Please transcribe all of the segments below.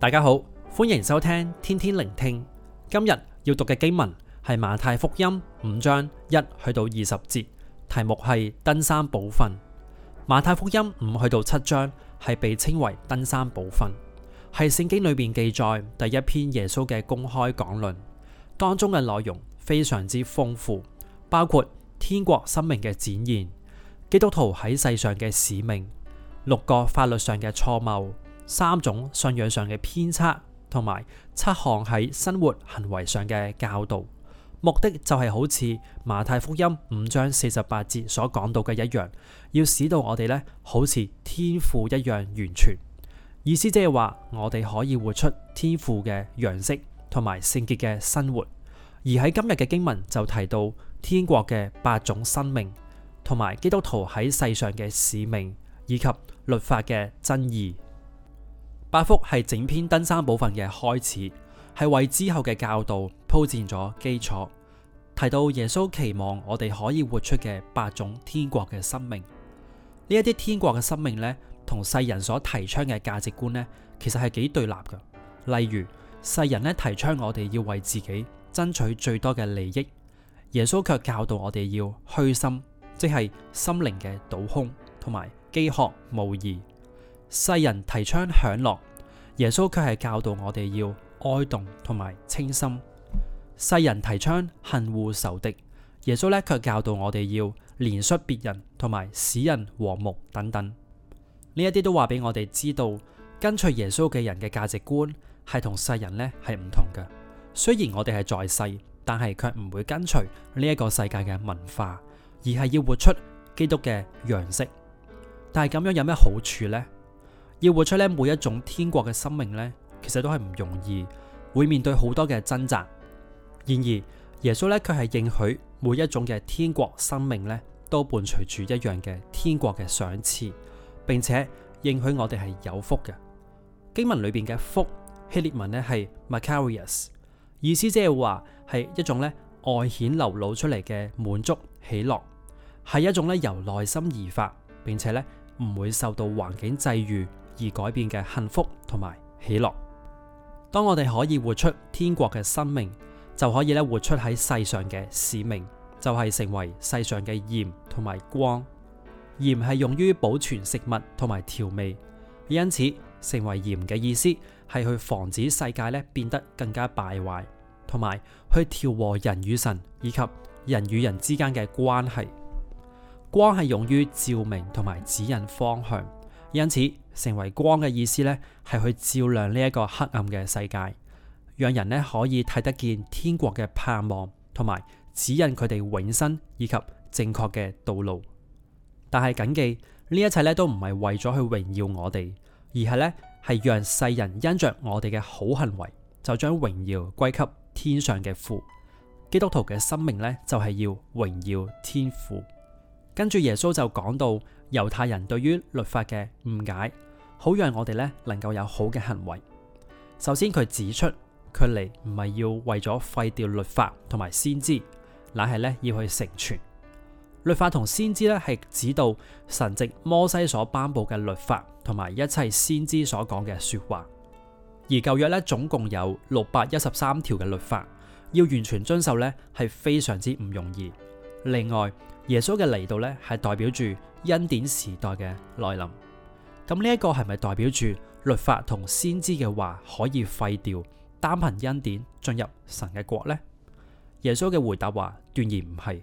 大家好，歡迎收聽天天靈聽。今日要讀嘅經文係馬太福音五章一去到二十節，題目係登山寶訓。馬太福音五去到七章係被稱為登山寶訓，係聖經裏面記載第一篇耶穌嘅公開講論，當中嘅內容非常之豐富，包括天國生命嘅展現、基督徒喺世上嘅使命、六個法律上嘅錯謬。三種信仰上嘅偏差，同埋七項喺生活行為上嘅教導，目的就係好似馬太福音五章四十八節所講到嘅一樣，要使到我哋呢好似天父一樣完全。意思即係話我哋可以活出天父嘅樣式，同埋聖潔嘅生活。而喺今日嘅經文就提到天國嘅八種生命，同埋基督徒喺世上嘅使命，以及律法嘅真義。八福係整篇登山寶訓嘅開始，係為之後嘅教導鋪墊咗基礎。提到耶穌期望我哋可以活出嘅八種天國嘅生命，呢一啲天國嘅生命呢，同世人所提倡嘅價值觀呢，其實係幾對立噶。例如，世人呢提倡我哋要為自己爭取最多嘅利益，耶穌卻教導我哋要虛心，即係心靈嘅倒空，同埋飢渴慕義。世人提倡享樂，耶穌卻係教導我哋要哀慟同埋清心。世人提倡恨惡仇敵，耶穌咧卻教導我哋要憐恤別人同埋使人和睦等等。呢一啲都話俾我哋知道，跟隨耶穌嘅人嘅價值觀係同世人咧係唔同嘅。雖然我哋係在世，但係卻唔會跟隨呢一個世界嘅文化，而係要活出基督嘅樣式。但係咁樣有咩好處呢？要活出咧每一種天國嘅生命咧，其實都係唔容易，會面對好多嘅掙扎。然而耶穌咧，佢係應許每一種嘅天國生命咧，都伴隨住一樣嘅天國嘅賞賜，並且應許我哋係有福嘅。經文裏邊嘅福希臘文咧係 Makarios，意思即係話係一種咧外顯流露出嚟嘅滿足喜樂，係一種咧由內心而發，並且咧唔會受到環境際遇。而改變嘅幸福同埋喜樂，當我哋可以活出天國嘅生命，就可以咧活出喺世上嘅使命，就係成為世上嘅鹽同埋光。鹽係用於保存食物同埋調味，因此成為鹽嘅意思係去防止世界咧變得更加敗壞，同埋去調和人與神以及人與人之間嘅關係。光係用於照明同埋指引方向。因此，成為光嘅意思咧，係去照亮呢一個黑暗嘅世界，讓人咧可以睇得見天國嘅盼望，同埋指引佢哋永生以及正確嘅道路。但係謹記呢一切咧都唔係為咗去榮耀我哋，而係咧係讓世人因着我哋嘅好行為，就將榮耀歸給天上嘅父。基督徒嘅生命咧就係要榮耀天父。跟住耶穌就講到猶太人對於律法嘅誤解，好讓我哋咧能夠有好嘅行為。首先佢指出，佢嚟唔係要為咗廢掉律法同埋先知，乃係咧要去成全。律法同先知咧係指到神藉摩西所頒布嘅律法同埋一切先知所講嘅說話。而舊約咧總共有六百一十三條嘅律法，要完全遵守咧係非常之唔容易。另外，耶穌嘅嚟到呢係代表住恩典時代嘅來臨。咁呢一個係咪代表住律法同先知嘅話可以廢掉，單憑恩典進入神嘅國呢？耶穌嘅回答話：斷然唔係，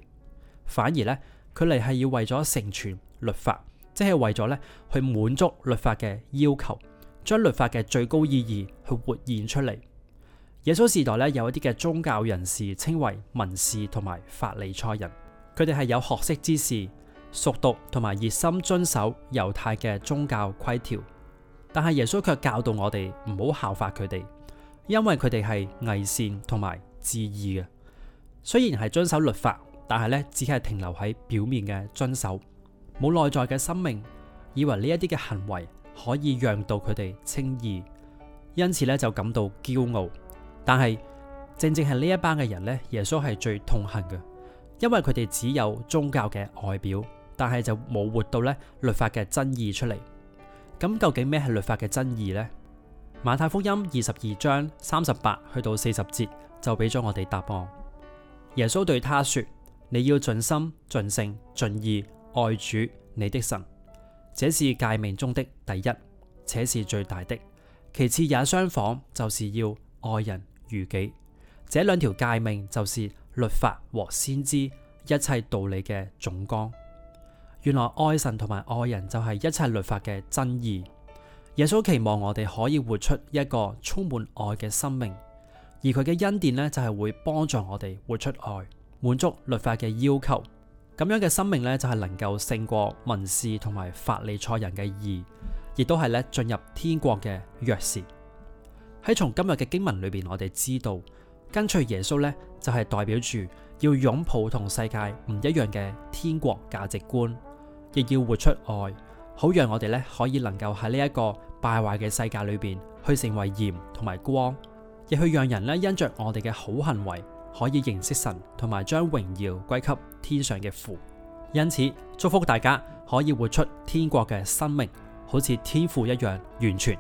反而呢，佢嚟係要為咗成全律法，即係為咗呢去滿足律法嘅要求，將律法嘅最高意義去活現出嚟。耶穌時代呢，有一啲嘅宗教人士稱為文士同埋法利賽人。佢哋係有學識之士，熟讀同埋熱心遵守猶太嘅宗教規條，但係耶穌卻教導我哋唔好效法佢哋，因為佢哋係偽善同埋自義嘅。雖然係遵守律法，但係咧只係停留喺表面嘅遵守，冇內在嘅生命，以為呢一啲嘅行為可以讓到佢哋稱義，因此咧就感到驕傲。但係正正係呢一班嘅人咧，耶穌係最痛恨嘅。因為佢哋只有宗教嘅外表，但係就冇活到咧律法嘅真義出嚟。咁究竟咩係律法嘅真義呢？馬太福音二十二章三十八去到四十節就俾咗我哋答案。耶穌對他說：你要盡心、盡性、盡意愛主你的神。這是誡命中的第一，且是最大的。其次也相仿，就是要愛人如己。這兩條誡命就是。律法和先知一切道理嘅總綱，原來愛神同埋愛人就係一切律法嘅真義。耶穌期望我哋可以活出一個充滿愛嘅生命，而佢嘅恩典呢，就係會幫助我哋活出愛，滿足律法嘅要求。咁樣嘅生命呢，就係能夠勝過文士同埋法利賽人嘅義，亦都係咧進入天國嘅鑰匙。喺從今日嘅經文裏邊，我哋知道。跟隨耶穌咧，就係代表住要擁抱同世界唔一樣嘅天國價值觀，亦要活出愛，好讓我哋咧可以能夠喺呢一個敗壞嘅世界裏邊，去成為鹽同埋光，亦去讓人咧因着我哋嘅好行為，可以認識神，同埋將榮耀歸給天上嘅父。因此，祝福大家可以活出天國嘅生命，好似天父一樣完全。